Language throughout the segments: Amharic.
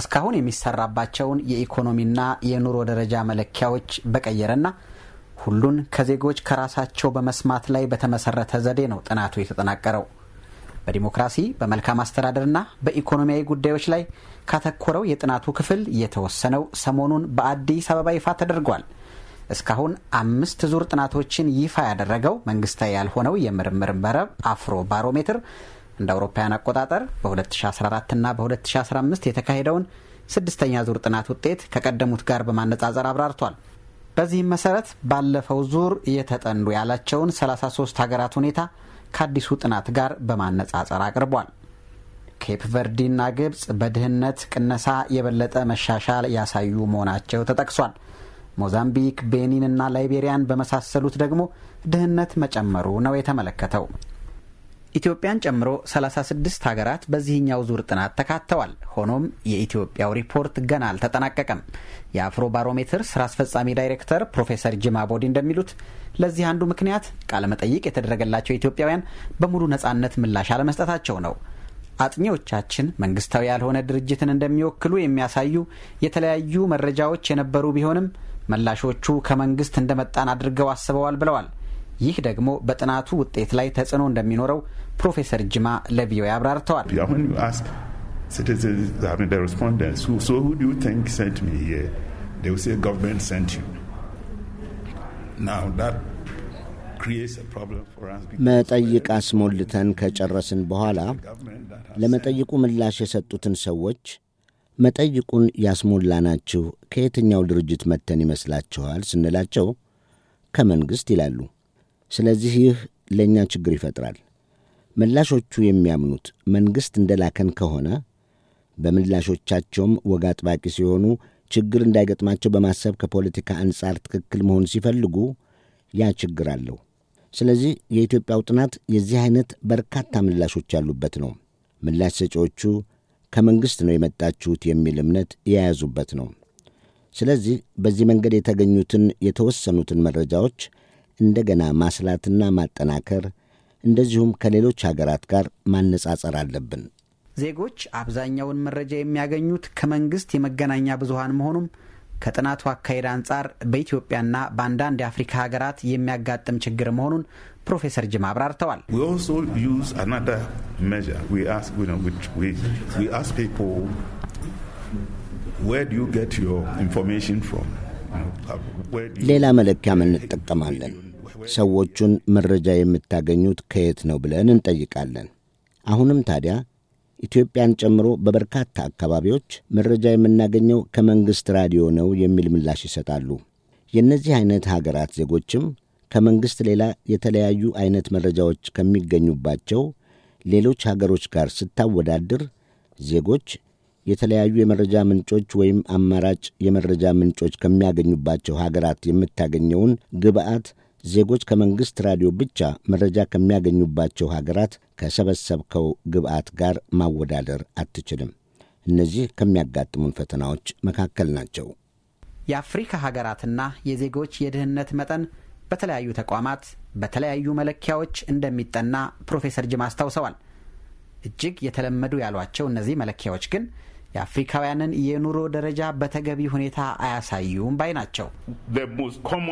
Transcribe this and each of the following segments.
እስካሁን የሚሰራባቸውን የኢኮኖሚና የኑሮ ደረጃ መለኪያዎች በቀየረና ሁሉን ከዜጎች ከራሳቸው በመስማት ላይ በተመሰረተ ዘዴ ነው ጥናቱ የተጠናቀረው። በዲሞክራሲ በመልካም አስተዳደርና በኢኮኖሚያዊ ጉዳዮች ላይ ካተኮረው የጥናቱ ክፍል የተወሰነው ሰሞኑን በአዲስ አበባ ይፋ ተደርጓል። እስካሁን አምስት ዙር ጥናቶችን ይፋ ያደረገው መንግስታዊ ያልሆነው የምርምር መረብ አፍሮ ባሮሜትር እንደ አውሮፓውያን አቆጣጠር በ2014 እና በ2015 የተካሄደውን ስድስተኛ ዙር ጥናት ውጤት ከቀደሙት ጋር በማነጻጸር አብራርቷል። በዚህም መሰረት ባለፈው ዙር የተጠኑ ያላቸውን 33 ሀገራት ሁኔታ ከአዲሱ ጥናት ጋር በማነጻጸር አቅርቧል። ኬፕ ቨርዲና ግብፅ በድህነት ቅነሳ የበለጠ መሻሻል ያሳዩ መሆናቸው ተጠቅሷል። ሞዛምቢክ፣ ቤኒን እና ላይቤሪያን በመሳሰሉት ደግሞ ድህነት መጨመሩ ነው የተመለከተው። ኢትዮጵያን ጨምሮ 36 ሀገራት በዚህኛው ዙር ጥናት ተካተዋል። ሆኖም የኢትዮጵያው ሪፖርት ገና አልተጠናቀቀም። የአፍሮ ባሮሜትር ስራ አስፈጻሚ ዳይሬክተር ፕሮፌሰር ጅማ ቦዲ እንደሚሉት ለዚህ አንዱ ምክንያት ቃለ መጠይቅ የተደረገላቸው ኢትዮጵያውያን በሙሉ ነጻነት ምላሽ አለመስጠታቸው ነው። አጥኚዎቻችን መንግስታዊ ያልሆነ ድርጅትን እንደሚወክሉ የሚያሳዩ የተለያዩ መረጃዎች የነበሩ ቢሆንም ምላሾቹ ከመንግስት እንደመጣን አድርገው አስበዋል ብለዋል። ይህ ደግሞ በጥናቱ ውጤት ላይ ተጽዕኖ እንደሚኖረው ፕሮፌሰር ጅማ ለቪዮ አብራርተዋል። መጠይቅ አስሞልተን ከጨረስን በኋላ ለመጠይቁ ምላሽ የሰጡትን ሰዎች መጠይቁን ያስሞላናችሁ ከየትኛው ድርጅት መጥተን ይመስላችኋል ስንላቸው ከመንግሥት ይላሉ። ስለዚህ ይህ ለእኛ ችግር ይፈጥራል። ምላሾቹ የሚያምኑት መንግሥት ላከን ከሆነ በምላሾቻቸውም ወግ አጥባቂ ሲሆኑ ችግር እንዳይገጥማቸው በማሰብ ከፖለቲካ አንጻር ትክክል መሆን ሲፈልጉ ያ ችግር አለው። ስለዚህ የኢትዮጵያው ጥናት የዚህ አይነት በርካታ ምላሾች ያሉበት ነው። ምላሽ ሰጪዎቹ ከመንግሥት ነው የመጣችሁት የሚል እምነት የያዙበት ነው። ስለዚህ በዚህ መንገድ የተገኙትን የተወሰኑትን መረጃዎች እንደገና ማስላትና ማጠናከር እንደዚሁም ከሌሎች ሀገራት ጋር ማነጻጸር አለብን። ዜጎች አብዛኛውን መረጃ የሚያገኙት ከመንግስት የመገናኛ ብዙሃን መሆኑም ከጥናቱ አካሄድ አንጻር በኢትዮጵያና በአንዳንድ የአፍሪካ ሀገራት የሚያጋጥም ችግር መሆኑን ፕሮፌሰር ጅማ አብራርተዋል። ዩ ኢንፎርሜሽን ፍሮም ሌላ መለኪያም እንጠቀማለን። ሰዎቹን መረጃ የምታገኙት ከየት ነው ብለን እንጠይቃለን። አሁንም ታዲያ ኢትዮጵያን ጨምሮ በበርካታ አካባቢዎች መረጃ የምናገኘው ከመንግሥት ራዲዮ ነው የሚል ምላሽ ይሰጣሉ። የእነዚህ አይነት ሀገራት ዜጎችም ከመንግሥት ሌላ የተለያዩ አይነት መረጃዎች ከሚገኙባቸው ሌሎች ሀገሮች ጋር ስታወዳድር ዜጎች የተለያዩ የመረጃ ምንጮች ወይም አማራጭ የመረጃ ምንጮች ከሚያገኙባቸው ሀገራት የምታገኘውን ግብዓት ዜጎች ከመንግሥት ራዲዮ ብቻ መረጃ ከሚያገኙባቸው ሀገራት ከሰበሰብከው ግብዓት ጋር ማወዳደር አትችልም። እነዚህ ከሚያጋጥሙን ፈተናዎች መካከል ናቸው። የአፍሪካ ሀገራትና የዜጎች የድህነት መጠን በተለያዩ ተቋማት በተለያዩ መለኪያዎች እንደሚጠና ፕሮፌሰር ጅማ አስታውሰዋል። እጅግ የተለመዱ ያሏቸው እነዚህ መለኪያዎች ግን የአፍሪካውያንን የኑሮ ደረጃ በተገቢ ሁኔታ አያሳዩም ባይ ናቸው። um,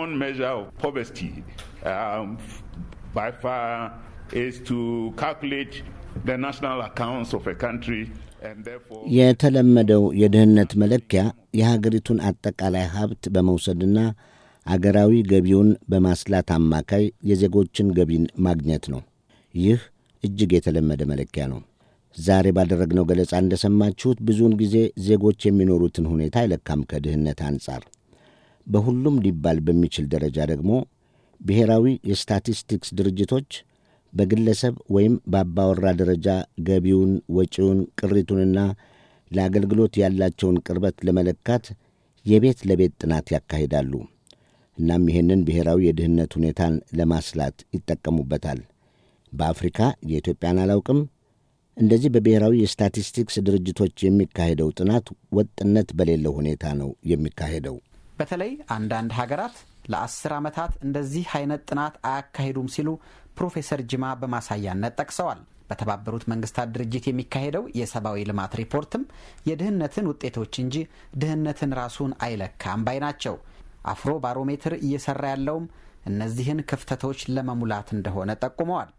የተለመደው የድህነት መለኪያ የሀገሪቱን አጠቃላይ ሀብት በመውሰድና አገራዊ ገቢውን በማስላት አማካይ የዜጎችን ገቢን ማግኘት ነው። ይህ እጅግ የተለመደ መለኪያ ነው። ዛሬ ባደረግነው ገለጻ እንደሰማችሁት ብዙውን ጊዜ ዜጎች የሚኖሩትን ሁኔታ አይለካም። ከድህነት አንጻር በሁሉም ሊባል በሚችል ደረጃ ደግሞ ብሔራዊ የስታቲስቲክስ ድርጅቶች በግለሰብ ወይም በአባወራ ደረጃ ገቢውን፣ ወጪውን፣ ቅሪቱንና ለአገልግሎት ያላቸውን ቅርበት ለመለካት የቤት ለቤት ጥናት ያካሂዳሉ። እናም ይህንን ብሔራዊ የድህነት ሁኔታን ለማስላት ይጠቀሙበታል። በአፍሪካ የኢትዮጵያን አላውቅም እንደዚህ በብሔራዊ የስታቲስቲክስ ድርጅቶች የሚካሄደው ጥናት ወጥነት በሌለው ሁኔታ ነው የሚካሄደው። በተለይ አንዳንድ ሀገራት ለአስር ዓመታት እንደዚህ አይነት ጥናት አያካሂዱም ሲሉ ፕሮፌሰር ጅማ በማሳያነት ጠቅሰዋል። በተባበሩት መንግስታት ድርጅት የሚካሄደው የሰብአዊ ልማት ሪፖርትም የድህነትን ውጤቶች እንጂ ድህነትን ራሱን አይለካም ባይ ናቸው። አፍሮ ባሮሜትር እየሰራ ያለውም እነዚህን ክፍተቶች ለመሙላት እንደሆነ ጠቁመዋል።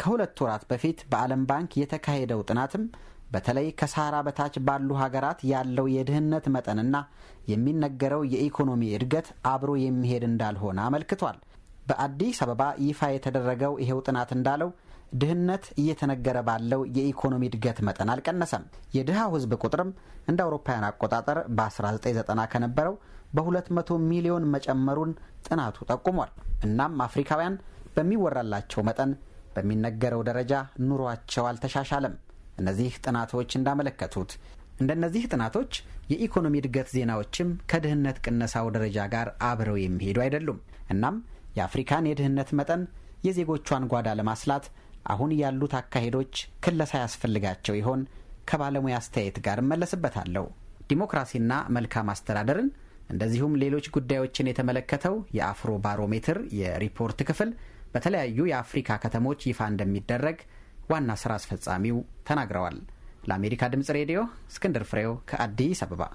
ከሁለት ወራት በፊት በዓለም ባንክ የተካሄደው ጥናትም በተለይ ከሳራ በታች ባሉ ሀገራት ያለው የድህነት መጠንና የሚነገረው የኢኮኖሚ እድገት አብሮ የሚሄድ እንዳልሆነ አመልክቷል። በአዲስ አበባ ይፋ የተደረገው ይሄው ጥናት እንዳለው ድህነት እየተነገረ ባለው የኢኮኖሚ እድገት መጠን አልቀነሰም። የድሃው ሕዝብ ቁጥርም እንደ አውሮፓውያን አቆጣጠር በ1990 ከነበረው በ200 ሚሊዮን መጨመሩን ጥናቱ ጠቁሟል። እናም አፍሪካውያን በሚወራላቸው መጠን በሚነገረው ደረጃ ኑሯቸው አልተሻሻለም። እነዚህ ጥናቶች እንዳመለከቱት እንደነዚህ ጥናቶች የኢኮኖሚ እድገት ዜናዎችም ከድህነት ቅነሳው ደረጃ ጋር አብረው የሚሄዱ አይደሉም። እናም የአፍሪካን የድህነት መጠን የዜጎቿን ጓዳ ለማስላት አሁን ያሉት አካሄዶች ክለሳ ያስፈልጋቸው ይሆን? ከባለሙያ አስተያየት ጋር እመለስበታለሁ። ዲሞክራሲና መልካም አስተዳደርን እንደዚሁም ሌሎች ጉዳዮችን የተመለከተው የአፍሮ ባሮሜትር የሪፖርት ክፍል በተለያዩ የአፍሪካ ከተሞች ይፋ እንደሚደረግ ዋና ስራ አስፈጻሚው ተናግረዋል። ለአሜሪካ ድምጽ ሬዲዮ እስክንድር ፍሬው ከአዲስ አበባ